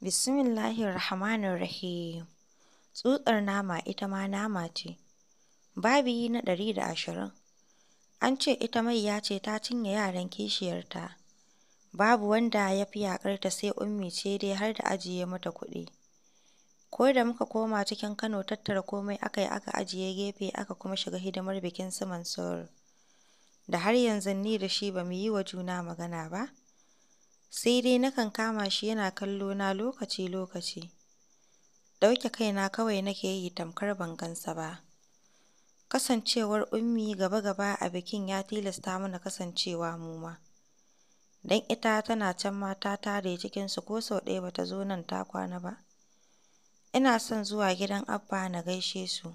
Bismillahirrahmanirrahim. Tsutsar nama ita ma nama ce. Babi na ɗari da ashirin. An ce ita mai ya ce ta cinye yaran kishiyarta. Babu wanda ya fi yaƙarta sai Ummi ce dai har da ajiye mata kuɗi. Ko da muka koma cikin Kano tattara komai aka yi aka ajiye gefe aka kuma shiga hidimar bikin su Mansur. Da har yanzu ni da shi ba mu yi wa juna magana ba. sai dai nakan kama shi yana kallo na lokaci-lokaci. Ɗauke kaina kawai nake yi tamkar ban gansa ba. Kasancewar Ummi gaba-gaba a bikin ya tilasta mana kasancewa mu ma. Don ita tana can mata ta tare cikinsu ko sau ɗaya bata zo nan ta kwana ba. Ina son zuwa gidan Abba na gaishe su,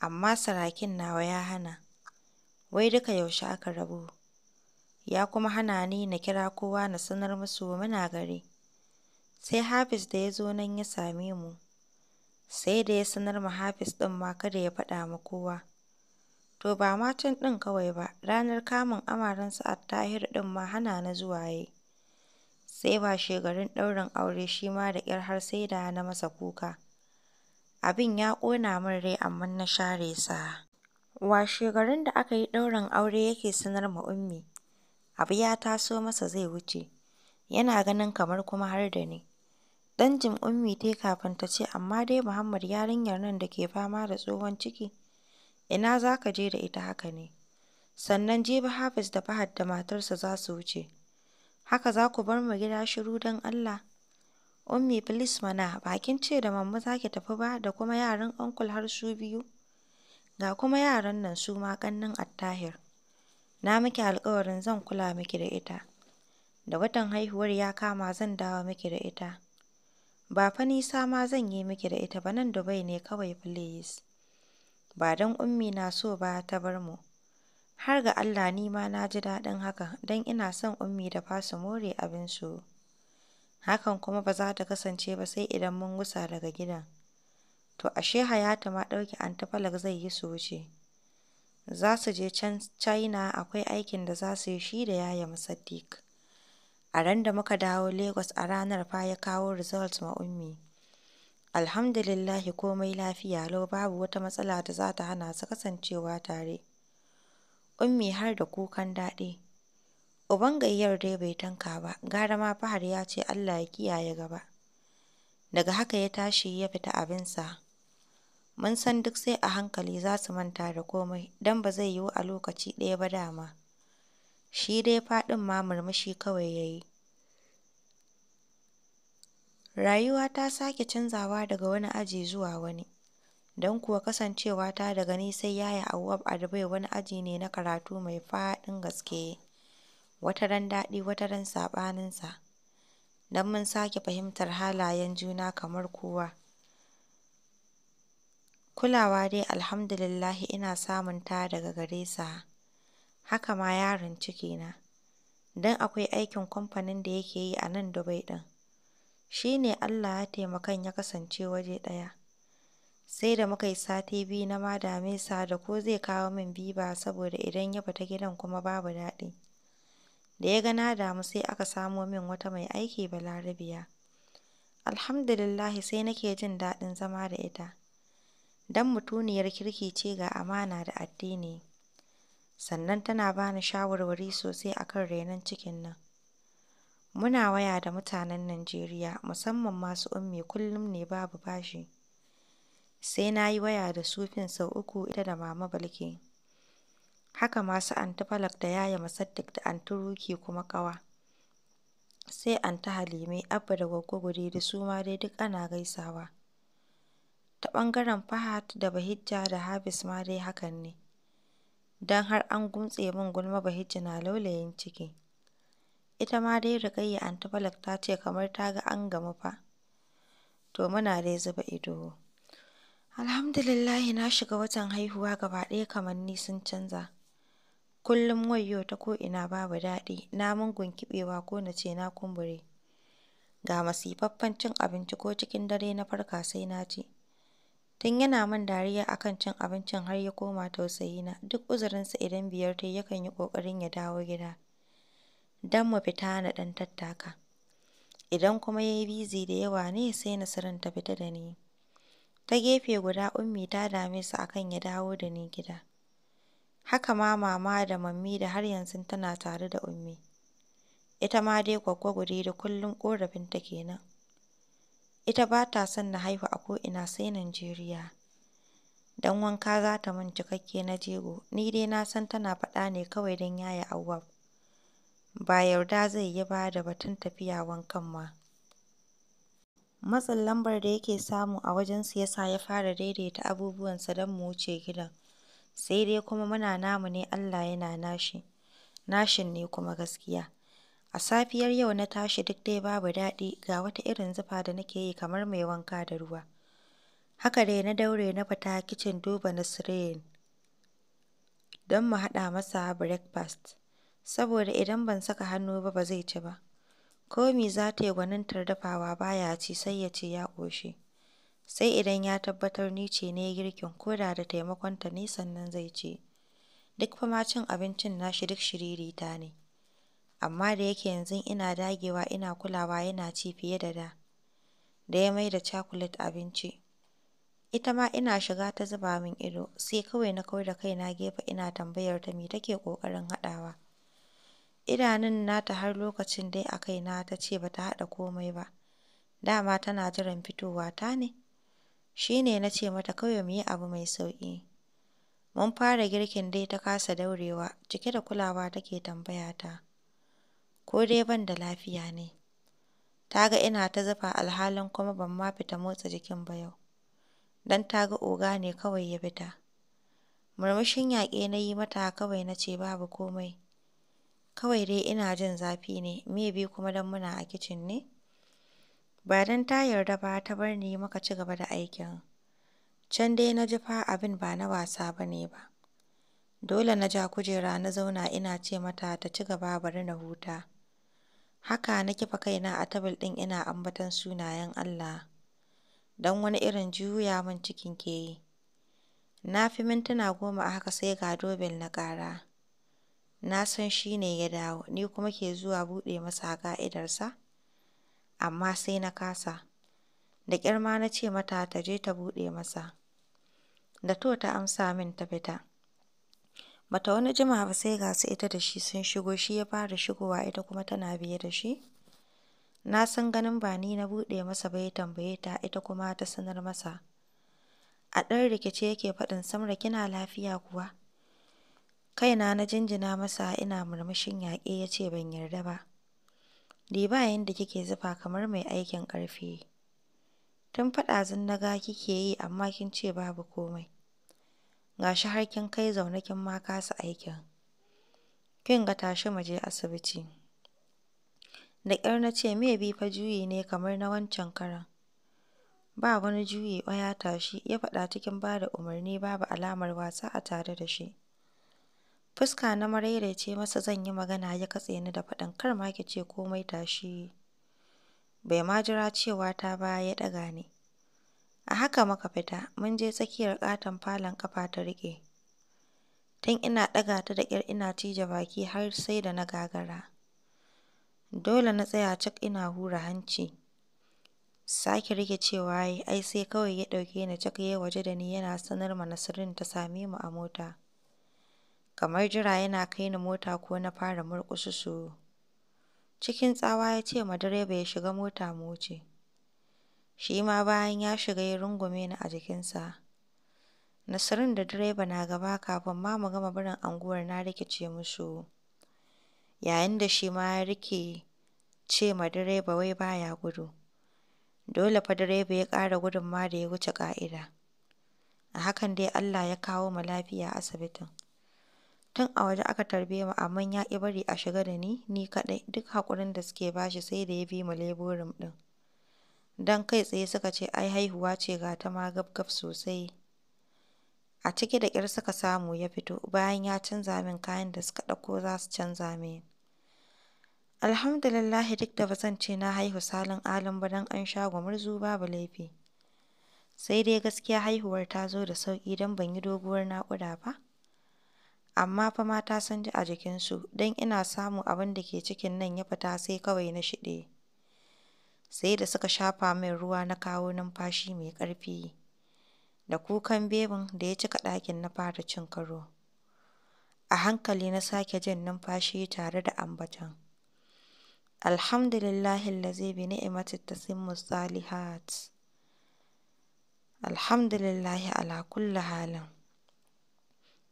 amma sarakin nawa ya hana. Wai duka yaushe aka rabu? ya kuma hana ni na kira kowa na sanar musu muna gari. Sai Hafiz da ya zo nan ya same mu, sai da ya sanar ma Hafis ɗin ma kada ya faɗa mu kowa. To ba ma ɗin kawai ba, ranar kamun amaren Sa'ad Tahir ɗin ma hana na zuwa yi. Sai ba shegarin ɗaurin aure shi ma da ƙyar har sai da na masa kuka. Abin ya ƙona min rai amma na share sa. Wa shegarin da aka yi ɗaurin aure yake sanar ma Ummi, abu ya taso masa zai wuce, yana ganin kamar kuma har da ni. Ɗan jim Ummi tai kafin ta ce, amma dai Muhammad yarinyar nan da ke fama da tsohon ciki, ina za ka je da ita haka ne? Sannan jibi Hafiz da Fahad da matarsa za su wuce. Haka za ku bar mu gida shiru don Allah? Ummi please mana, bakin ce da mamma za tafi ba da kuma yaran uncle har su biyu? Ga kuma yaran nan su ma ƙannen Attahir. Na miki alƙawarin zan kula miki da ita, da watan haihuwar ya kama zan dawo miki da ita, ba fa nisa ma zan yi miki da ita ba nan Dubai ne kawai please, ba don Ummi na so ba ta bar mu, har ga Allah ni ma na ji daɗin haka don ina son Ummi da fasu more abin su. hakan kuma ba za ta kasance ba sai idan mun gusa daga gidan, to ashe Hayatu ma ɗauki Anty zai yi su Za su je can China akwai aikin da za su yi shi da Yaya Musaddiq. A ran da muka dawo Lagos a ranar fa ya kawo results ma Ummi. Alhamdulillahi komai lafiya lau babu wata matsala da za ta hana su kasancewa tare. Ummi har da kukan daɗi. Uban gayyar dai bai tanka ba, gara ma fahar ya ce Allah ya kiyaye gaba. Daga haka ya tashi ya fita abinsa. Mun san duk sai a hankali za su manta da komai, don ba zai yiwu a lokaci ɗaya ba dama. Shi dai faɗin ma murmushi kawai ya yi. Rayuwa ta sake canzawa daga wani aji zuwa wani. Don kuwa kasancewa ta daga ni sai Yaya Auwab a Dubai wani aji ne na karatu mai faɗin gaske, Wata wataran daɗi ran saɓaninsa, don mun sake fahimtar halayen juna kamar kowa. Kulawa dai Alhamdu ina samun ta daga gare sa, haka ma yaron ciki na. don akwai aikin kamfanin da yake yi a nan Dubai ɗin, shi ne Allah ya taimakan ya kasance waje ɗaya, sai da muka yi sati biyu na ma dame sa da ko zai kawo min biba saboda idan ya bata gidan kuma babu daɗi, da ya ga na damu sai aka samo min wata mai aiki Balarabiya, Alhamdu sai nake jin daɗin zama da ita. don mutuniyar kirki ce ga amana da addini. Sannan tana ba ni shawarwari sosai a kan renon cikin nan. Muna waya da mutanen Najeriya musamman masu ummi kullum ne babu bashi. Sai na yi waya da sufin sau uku ita da Mama balke Haka masu antifalak da Yaya masaddik da anturuki kuma kawa. Sai an ta Halime, Abba da Gwaggo da su ma dai duk ana gaisawa. Ta ɓangaren Fahad da Bahijja da habis ma dai hakan ne, don har an guntse min gulma Bahijja na laulayin ciki. Ita ma dai Rukayya Antifalak ta ce kamar ta ga an gama fa, to muna dai zuba ido. Alhamdulillahi, na shiga watan haihuwa gaba ɗaya kamanni sun canza. Kullum yau ta ko'ina babu daɗi, na mungun kiɓewa ko na ce na kumbure. Ga masifaffen cin abinci ko cikin dare na farka sai na ci. Tun yana min dariya a kan cin abincin har ya koma tausayi na duk uzurinsa idan biyar ta yakan yi ƙoƙarin ya dawo gida don mu fita na ɗan tattaka. Idan kuma ya yi bizi da yawa ne sai Nasirin ta fita da ni. Ta gefe guda Ummi ta dame su akan ya dawo da ni gida. Haka ma Mama da Mammi da har yanzu tana tare da Ummi. Ita ma dai Gwaggo da kullum ƙorafinta ta kenan Ita ba ta son na haihu a ko'ina sai Najeriya. Dan wanka za ta min cikakke na jego, ni dai na san tana faɗa ne kawai don yaya auwa Ba yarda zai yi ba da batun tafiya wankan ma. Matsin lambar da yake samu a wajen siyasa ya fara daidaita abubuwansa don mu wuce gidan, sai dai kuma muna namu ne Allah yana nashi, nashin ne kuma gaskiya. A safiyar yau na tashi duk dai babu daɗi, ga wata irin zufa da nake yi kamar mai wanka da ruwa. Haka dai na daure na fita kicin duba na Nasreen don mu haɗa masa breakfast, saboda idan ban saka hannu ba ba zai ci ba. Komi za ta yi gwanintar dafawa ba ya ci sai ya ce ya ƙoshi, sai idan ya tabbatar ni ce na girkin ko da da taimakonta ne sannan zai ci. Duk fa cin abincin nashi duk shiririta ne. amma da yake yanzu ina dagewa ina kulawa yana ci fiye da da, da ya mai da cakulet abinci. Ita ma ina shiga ta zuba min ido, sai kawai na kawar da kaina gefe ina tambayar ta me take ƙoƙarin haɗawa. Idanun nata har lokacin dai a na ta ce ba ta haɗa komai ba, dama tana jiran fitowa ta ne. Shi na ce mata kawai mu yi abu mai sauƙi. Mun fara girkin dai ta kasa daurewa, cike da kulawa take tambaya ta. ko dai ban da lafiya ne. Ta ga ina ta zufa alhalin kuma ban ma fita motsa jikin ba yau, Dan ta ga oga ne kawai ya fita. Murmushin yaƙe na yi mata kawai na ce babu komai. Kawai dai ina jin zafi ne, me bi kuma don muna a kicin ne. Ba don ta yarda ba ta bar ni maka ci gaba da aikin. Can dai na ji fa abin ba na wasa ba ne ba. Dole na ja kujera na zauna ina ce mata ta ci gaba bari na huta. Haka na kifa kaina a tabil ɗin ina ambaton sunayen Allah, don wani irin juya mun cikin ke yi. Na fi mintuna goma a haka sai ga dobel na ƙara. Na san shi ne ya dawo, ni kuma ke zuwa buɗe masa ka'idarsa amma sai na kasa. Da kirma na ce mata ta je ta buɗe masa. Da to ta amsa min ta fita. Bata wani jima ba sai ga su ita da shi sun shigo shi ya fara shigowa ita kuma tana biye da shi. Na san ganin ba ni na buɗe masa bai ya tambaye ta ita kuma ta sanar masa. A ɗan rikice yake faɗin Samra kina lafiya kuwa? Kaina na jinjina masa ina murmushin yaƙe ya ce ban yarda ba. ba yadda kike zufa kamar mai aikin ƙarfi. Tun faɗa zan na ga kike yi amma kin ce babu komai. ga shi har kin kai zaune kin ma kasa aikin. Kin ga tashi mu je asibiti. Da ƙyar na ce me bi fa juyi ne kamar na wancan karan. Ba wani juyi ya tashi ya faɗa cikin ba da umarni babu alamar wasa a tare da shi. Fuska na ce masa zan yi magana ya katse ni da faɗin kar ma ki ce komai tashi. Bai ma jira cewa ta baya ya ɗaga ni. A haka muka fita, mun je tsakiyar ƙaton falon ƙafa ta riƙe. Tun ina ɗaga ta da ƙyar ina cije baki har sai da na gagara. Dole na tsaya cik ina hura hanci. Sake rikicewa ya ai sai kawai ya ɗauke na cak ya waje da ni yana sanar ma Nasirin ta same mu a mota. Kamar jira yana kai ni mota ko na fara su. Cikin tsawa ya ce ma direba ya shiga mota mu wuce. shi ma bayan ya shiga ya rungume ni a jikinsa. Nasirin da direba na gaba kafin ma mu gama barin anguwar na rikice musu. Yayin da shi ma ya rike ce ma direba wai baya gudu. Dole fa direba ya ƙara gudun ma da ya wuce ƙa'ida. A hakan dai Allah ya kawo mu lafiya asibitin. Tun a waje aka tarbe mu amma ya ki bari a shiga da ni ni kaɗai duk haƙurin da suke bashi sai da ya bi mu leburin ɗin. don kai tsaye suka ce ai haihuwa ce ga ta ma gabgab sosai. A ciki da ƙyar suka samu ya fito, bayan ya canza min kayan da suka ɗauko za su canza min. Alhamdulillahi duk da ba ce na haihu salin alin ba don an sha gumurzu babu laifi. Sai dai gaskiya haihuwar ta zo da sauƙi don ban yi doguwar naƙuda ba. Amma fa mata san ji a jikinsu, don ina samu abin da ke cikin nan ya fita sai kawai na shiɗe. sai da suka shafa min ruwa na kawo numfashi mai ƙarfi, da kukan bebin da ya cika ɗakin na fara cin karo. A hankali na sake jin numfashi tare da ambaton. Alhamdulillahi lazi bi ni'imati tasimmu salihat. Alhamdulillahi ala kulli halin.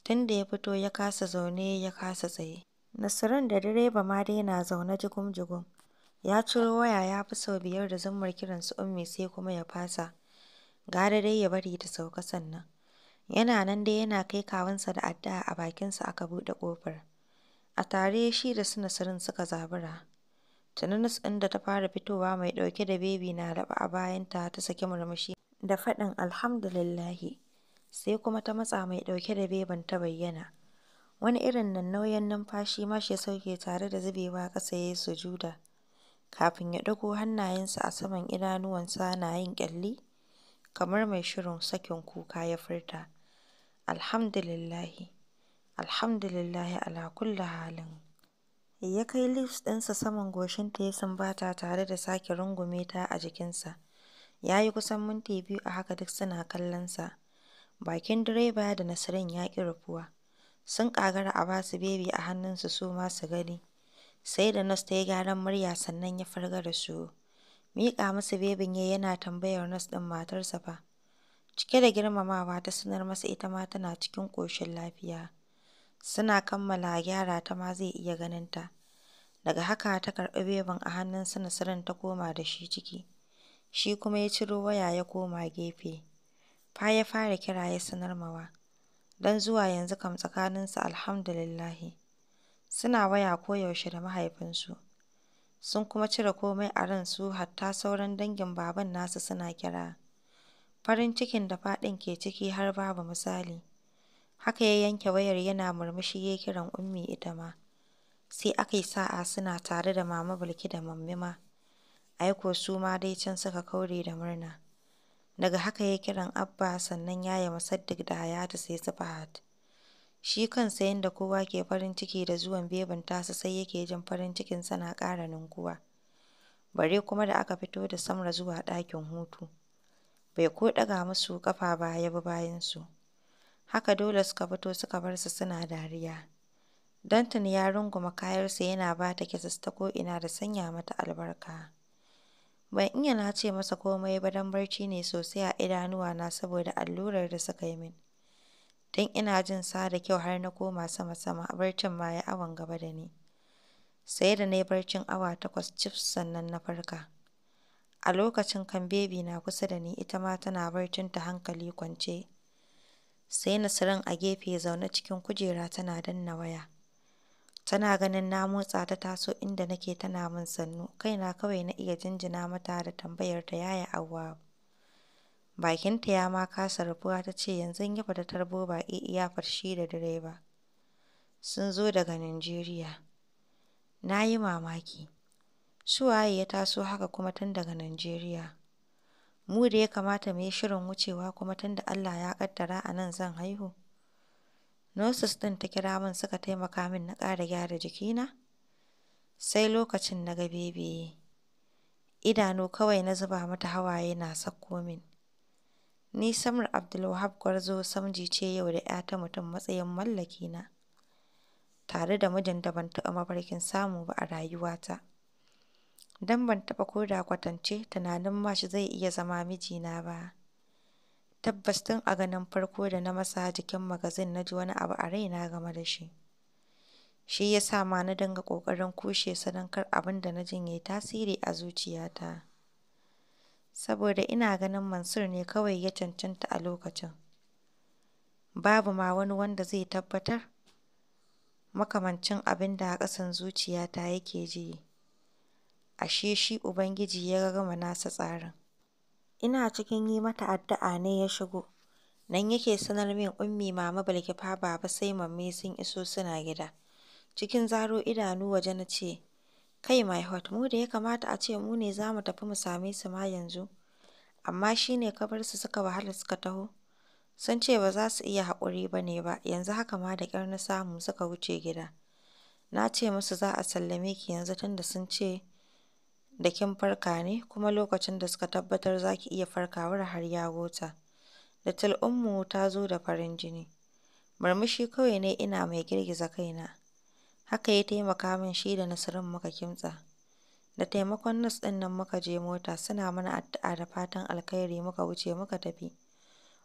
Tunda ya fito ya kasa zaune ya kasa tsaye. Nasirin da direba ma dai na zaune jigum-jigum. Ya ciro waya ya fi sau biyar da zummar kiran su Ummi sai kuma ya fasa, gara dai ya bari ta sauka sannan. Yana nan dai yana kai kawunsa da addu'a a bakinsa aka buɗe ƙofar. A tare shi da su Nasirin suka zabura. Tuni ɗin da ta fara fitowa mai ɗauke da bebi na raba a bayanta ta saki murmushi da faɗin alhamdulillahi, sai kuma ta matsa mai ɗauke da beban ta bayyana. Wani irin nan nauyin numfashi mashi ya sauke tare da zubewa ƙasa ya yi sujuda. kafin ya ɗago hannayensa a saman idanuwansa na yin ƙyalli kamar mai shirin sakin kuka ya furta, Alhamdulillahi, Alhamdulillahi ala kulli halin. Ya kai lips ɗinsa saman goshinta ya sumbata tare da sake rungume ta a jikinsa. Ya yi kusan minti biyu a haka duk suna kallonsa. Bakin direba da Nasirin ya ƙi rufuwa. Sun ƙagara a basu su bebi a hannunsu su ma su gani. Sai da Nas ta yi gyaran murya sannan ya farga da su. Miƙa masa bebin ya yana tambayar Nas ɗin matarsa fa. Cike da girmamawa ta sanar masa ita ma tana cikin ƙoshin lafiya. Suna kammala gyara ta ma zai iya ganin ta. Daga haka ta karɓi bebin a hannun su ta koma da shi ciki. Shi kuma ya ciro waya ya koma gefe. Fa ya fara kira ya sanar mawa. Don zuwa yanzu kam tsakaninsu alhamdulillahi. Suna waya koyaushe da mahaifinsu, sun kuma cire komai a ransu hatta sauran dangin baban nasu suna kira, farin cikin da faɗin ke ciki har babu misali. Haka ya yanke wayar yana murmushi ya kiran Ummi ita ma, sai aka yi sa'a suna tare da Mama Bilki da Mamme ma, Aiko su ma dai can suka kaure da murna. Daga haka ya kiran Abba sannan ya Yaya Musaddik da Hayatu sai su Fahad. Shi kansa yadda kowa ke farin ciki da zuwan beban tasa sai yake jin farin cikinsa na ƙara ninkuwa, bare kuma da aka fito da Samra zuwa ɗakin hutu, bai ko ɗaga musu ƙafa ba ya bi bayansu, haka dole suka fito suka bar su suna dariya, Dantan ya runguma kayarsa yana ba ta kisses ta ko'ina da sanya mata albarka. Ban iya na ce masa komai ba dan barci ne sosai a idanuwa na saboda allurar da suka yi min. don ina jin sa da kyau har na koma sama-sama, barcin ma ya awon gaba da ni. Sai da na yi barcin awa takwas cif sannan na farka. A lokacin kan bebi na kusa da ni ita ma tana barcin ta hankali kwance. Sai sirin a gefe zaune cikin kujera tana danna waya. Tana ganin na motsa ta taso inda nake tana min sannu, kaina kawai na iya jinjina mata da tambayar ta yaya Auwawu. Bakinta ya ma kasa rufuwa ta ce yanzu, ya fita tarbo baƙi iyafar shi da direba. Sun zo daga Nijeriya. Na yi mamaki. Su waye ya taso haka kuma tun daga Nijeriya? Mu da ya kamata mu yi shirin wucewa kuma tun da Allah ya ƙaddara a nan zan haihu? Nurses ɗin ta kira min suka taimaka min na ƙara gyara jikina? Sai lokacin na ga bebe. Idanu kawai na zuba mata hawaye na sakko min. Ni Samra Abdulwahab Gwarzo Samji ce yau da ‘ya ta mutum matsayin mallaki na, tare da mijin da ban taɓa mafarkin samu ba a rayuwata, don ban taɓa ko da kwatance tunanin ma shi zai iya zama mijina ba, tabbas tun a ganin farko da na masa jikin magazin na ji wani abu a raina game da shi, shi ya sa ma na dinga ƙoƙarin kushe sanankar abinda abin da na jin ya yi tasiri a zuciyata. saboda ina ganin Mansur ne kawai ya cancanta a lokacin, babu ma wani wanda zai tabbatar makamancin abin da a ƙasan zuciyata yake ji, ashe shi Ubangiji ya gama nasa tsarin. Ina cikin yi mata addu'a ne ya shigo, nan yake sanar min Ummi Mama balkifa Baba sai Mamme sun iso suna gida, cikin zaro idanu waje na ce, Kai my heart, mu da ya kamata a ce mu ne za mu tafi mu same su ma yanzu, amma shi ne ka bar su suka wahala suka taho. Sun ce ba za su iya haƙuri ba ne ba, yanzu haka ma da ƙyar na samu suka wuce gida. Na ce musu za a sallame ki yanzu tun da sun ce da kin farka ne kuma lokacin da suka tabbatar za ki iya farkawar har ya gota. Little Ummu ta zo da farin jini. Murmushi kawai ne ina mai girgiza kaina. Haka ya taimaka min shi da Nasirin muka kimtsa. Da taimakon nas din nan muka je mota suna mana addu'a da fatan alkhairi muka wuce muka tafi.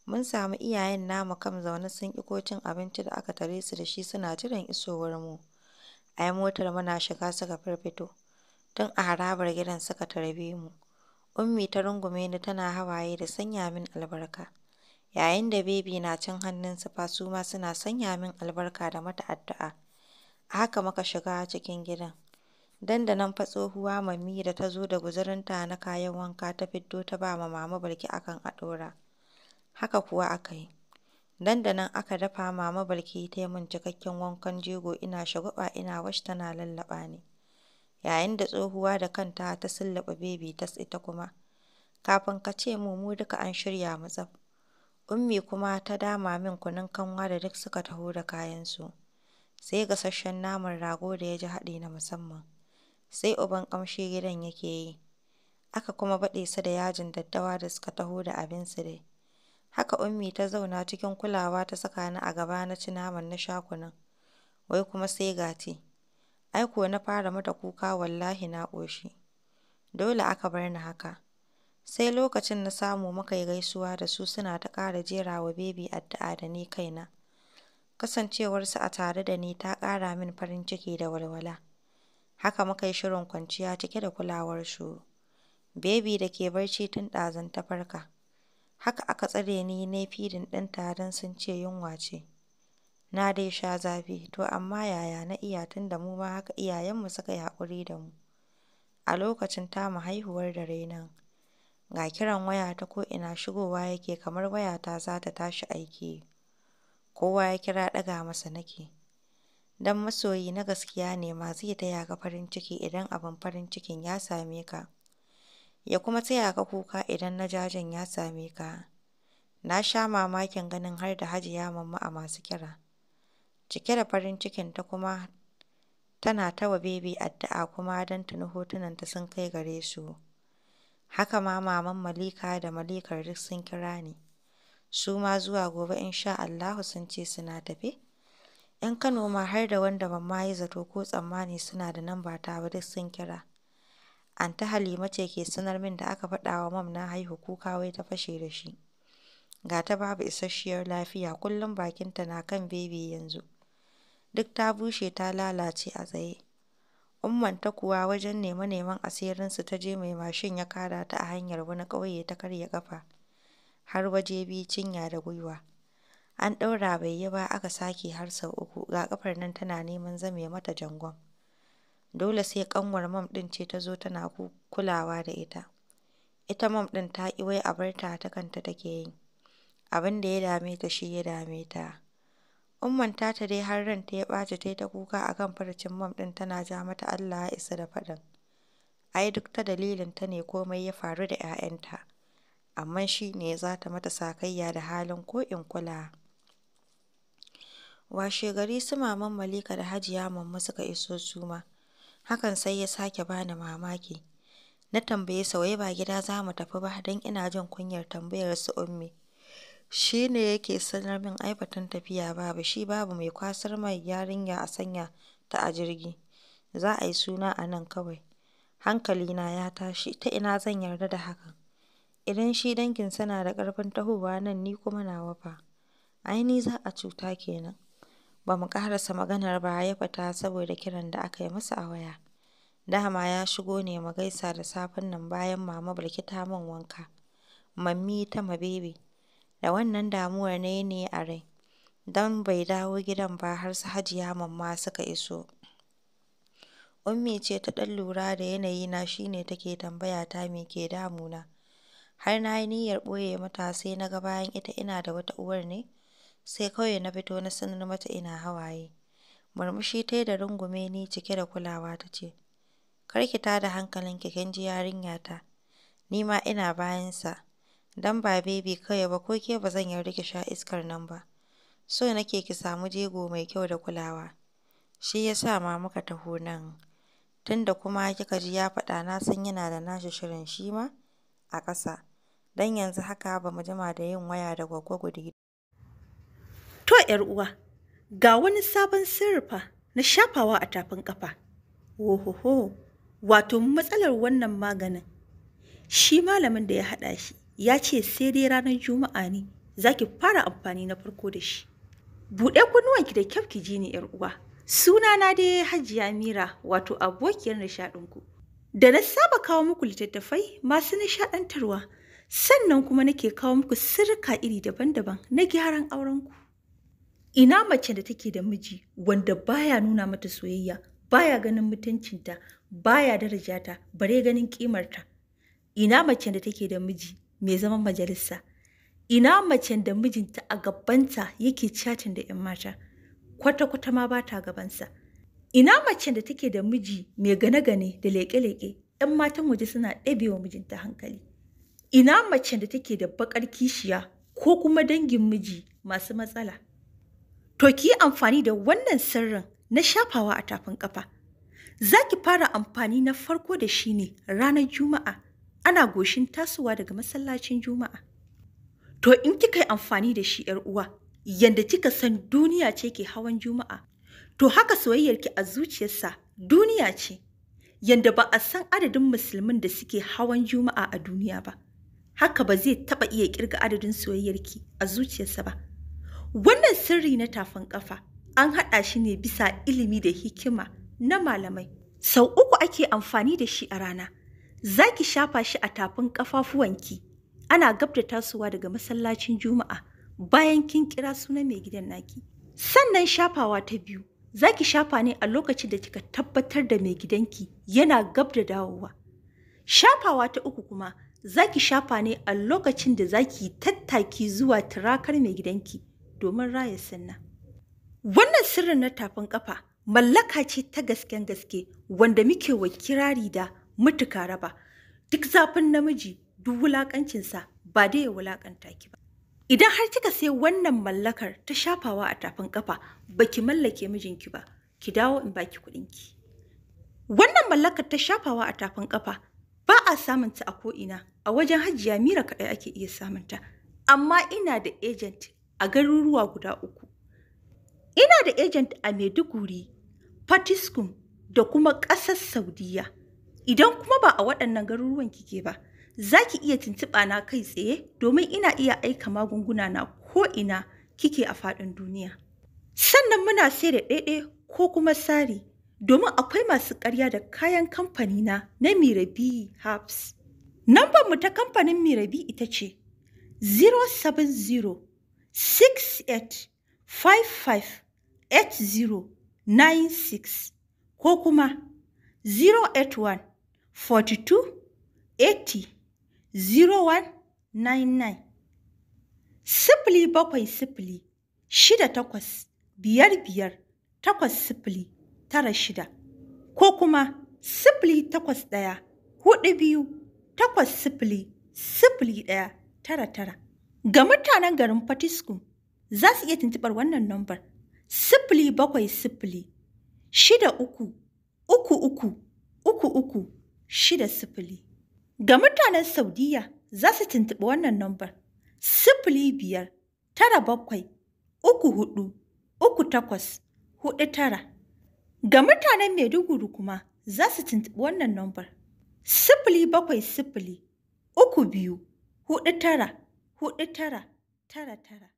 Mun samu iyayen namu kam zaune sun iko cin abinci da aka tare su da shi suna jiran isowar mu. Ai motar muna shiga suka firfito. Tun a harabar gidan suka tarbe mu. Ummi ta rungume ni tana hawaye da sanya min albarka. Yayin da bebi na cin hannun su fa su ma suna sanya min albarka da mata addu'a. Haka muka shiga cikin gidan. Dandanan fa tsohuwa Mammi da ta zo da guzurinta na kayan wanka ta fito ta ba ma Mama Balki akan a ɗora. Haka kuwa aka yi. Dandanan aka dafa Mama Balki ta yi min cikakken wankan jego ina shagwaɓa ina wash tana lallaɓa ni. Yayin da tsohuwa da kanta ta sulluɓe Baby ta ita kuma. Kafin ka ce mu mu duka an shirya mu tsaf. Ummi kuma ta dama min kunun kanwa da duk suka taho da kayansu. sai gasasshen naman rago da ya ji haɗi na musamman, sai uban ƙamshi gidan yake yi, aka kuma baɗe su da yajin daddawa da suka taho da abin su dai. Haka Ummi ta zauna cikin kulawa ta saka ni a gaba na ci naman na shakunan wai kuma sai gati. Ai ko na fara mata kuka wallahi na ƙoshi. Dole aka bar ni haka. Sai lokacin na samu maka yi gaisuwa da su suna ta ƙara jera wa Baby addu'a da ni kaina. Kasancewarsa a tare da ni ta ƙara min farin ciki da walwala. Haka muka yi shirin kwanciya cike da kulawar shuru. Baby da ke barci tun ɗazan ta farka. Haka aka tsare ni na fidin ɗin taron don sun ce yunwa ce. Na dai sha zafi, to amma yaya na iya tun da mu ma haka iyayenmu suka yi haƙuri da mu. A lokacin ta mu haihuwar da rainon, ga kiran waya ta ina shigowa yake kamar wayata za ta tashi aiki. kowa ya kira ɗaga masa nake. Don masoyi na gaskiya ne ma zai taya ka farin ciki idan abin farin cikin ya same ka, ya kuma taya ka kuka idan na jajen ya same ka. Na sha mamakin ganin har da Hajiya Mamma a masu kira, cike da farin cikin ta kuma tana ta wa addu'a kuma don tuni ta sun kai gare su. Haka ma Maman Malika da Malikar duk sun kira ni. su ma zuwa gobe in sha Allahu sun ce suna tafe. ‘Yan Kano ma har da wanda ban ma zato ko tsammani suna da namba ta ba duk sun kira. Anty Halima ce ke sanar min da aka faɗa wa mam na haihu kuka wai ta fashe da shi. Ga ta babu isasshiyar lafiya kullum bakinta na kan bebe yanzu. Duk ta bushe ta lalace a tsaye. ta kuwa wajen neman neman asirinsu ta je mai mashin ya kada ta a hanyar wani ƙauye ta karya ƙafa. har waje biyu cinya da gwiwa. An ɗaura bai yi ba aka sake har sau uku ga ƙafar nan tana neman zame mata jangon. Dole sai ƙanwar mam ɗin ce ta zo tana kulawa da ita. Ita mam ɗin ta ƙi wai a bar ta ta kanta take yi. Abin da ya dame ta shi ya dame ta. Umman ta dai har ranta ya ɓaci yi ta kuka kan farcen mam ɗin tana ja mata Allah ya isa da faɗin. Ai duk ta dalilin ta ne komai ya faru da 'ya'yanta. amma shi ne za ta mata sakayya da halin ko'in kula. kula gari su Maman Malika da Hajiya Mamma suka iso suma? hakan sai ya sake bani mamaki. Na tambaye sa wai ba gida za mu tafi ba don ina jin kunyar tambayar su Ummi. Shi ne yake sanar min aifatan batun tafiya babu shi babu mai kwasar mai yarinya a sanya ta a jirgi. Za a yi suna a nan kawai. Hankalina ya tashi ta ina zan yarda da hakan. Idan shi dangin sana da ƙarfin tahowa nan ni kuma nawa fa, ai za a cuta kenan. Ba mu ƙarasa maganar ba ya fata saboda kiran da aka yi masa a waya. Dama ya shigo ne mu gaisa da safen nan bayan Mama barki ta min wanka. Mammi ta ma Da wannan damuwar ne ne a rai, Dan bai dawo gidan ba har su Hajiya Mamma suka iso. Ummi ce ta ɗan lura da yanayi na shine take tambaya ta me ke damuna. har na yi niyyar ɓoye mata sai na ga bayan ita ina da wata uwar ne, sai kawai na fito na sanar mata ina hawaye. Murmushi ta da rungume ni cike da kulawa ta ce, Kar ki da hankalinki kin ji ta. ni ma ina bayansa, dan ba bebi kawai ba ko ke ba zan yarda ki sha iskar nan ba. So nake ki samu jego mai kyau da kulawa. Shi ya sa ma muka taho nan. Tunda kuma kika ji ya faɗa na san yana da nashi shirin shi ma a ƙasa. dan yanzu haka ba mu jima da yin waya da Gwaggo Gudi. To ‘yar uwa, ga wani sabon sirrifa na shafawa a tafin kafa Wohoho, wato matsalar wannan maganin. Shi malamin da ya haɗa shi ya ce sai dai ranar Juma'a ne za ki fara amfani na farko da shi. Buɗe kunnuwanki da kyau ki ji ni ‘yar uwa. na dai Hajiya Mira, wato abokiyar nishaɗinku. Da na saba kawo muku littattafai masu nishaɗantarwa. sannan kuma nake kawo muku sirrika iri daban-daban na gyaran aurenku. Ina mace da take da miji wanda baya nuna mata soyayya, baya ganin mutuncinta, baya daraja ta, bare ganin kimarta. Ina mace da take da miji mai zaman majalisa. Ina mace da mijinta a gabanta yake chatin da 'yan mata, kwata-kwata ma ba ta gabansa. Ina mace da take da miji mai gane-gane da leƙe-leƙe, 'yan matan waje suna ɗabewa mijinta hankali. Ina macen da take da baƙar kishiya ko kuma dangin miji masu matsala? To ki amfani da wannan sirrin na shafawa a tafin ƙafa. Za ki fara amfani na farko da shi ne ranar Juma'a, ana goshin tasowa daga masallacin Juma'a. To in kika yi amfani da shi ‘yar uwa, yadda kika san duniya ce ke hawan Juma'a, to haka soyayyarki a zuciyarsa duniya ce, yadda ba a san adadin musulmin da suke hawan Juma'a a duniya ba. haka ba zai taɓa iya ƙirga adadin soyayyarki a zuciyarsa ba. Wannan sirri na tafin ƙafa an haɗa shi ne bisa ilimi da hikima na malamai. Sau uku ake amfani da shi a rana, za ki shafa shi a tafin ki? Ana gab da tasowa daga masallacin Juma'a bayan kin kira sunan mai gidan naki. Sannan shafawa ta biyu, za ki shafa ne a lokacin da kika tabbatar da mai gidanki yana gab da dawowa. Shafawa ta uku kuma za ki shafa ne a lokacin da za ki tattaki zuwa turakar mai gidanki domin raya sunna. Wannan sirrin na tafin ƙafa mallaka ce ta gasken gaske wanda muke wa kirari da mutuka raba. Duk zafin namiji duk wulaƙancinsa ba da ya wulaƙanta ki ba. Idan har kika sai wannan mallakar ta shafawa a tafin ƙafa ki mallake mijinki ba, ki dawo in baki kuɗinki. Wannan mallakar ta shafawa a tafin ƙafa ba a samunta a ko'ina a wajen hajiya mira kaɗai ake iya samunta, amma ina da agent a garuruwa guda uku ina da agent a maiduguri fatiskum da kuma ƙasar saudiya idan kuma ba a waɗannan garuruwan kike ba za ki iya tuntuɓa na kai tsaye domin ina iya aika magunguna na ko'ina kike a faɗin duniya sannan muna sai da ɗaiɗai ko kuma sari domin akwai masu karya da kayan kamfani na na Mirabi Herbs. Nambar mu ta kamfanin Mirabi ita ce 070 685580 ko kuma 081 42 80 0199 sifili bakwai sifili shida takwas biyar biyar takwas sifili tara shida ko kuma sifili takwas ɗaya hudu biyu takwas sifili sifili ɗaya tara tara. Ga mutanen garin Fatiskum za su iya tuntuɓar wannan nambar sifili bakwai sifili shida uku uku uku uku uku shida sifili. Ga mutanen Saudiya za su tuntuɓi wannan nambar sifili biyar tara bakwai uku hudu uku takwas hudu tara. Ga mutanen Maiduguri kuma za su tuntuɓi wannan nombar. Sifili bakwai sifili, uku biyu, huɗu tara, huɗu tara, tara tara.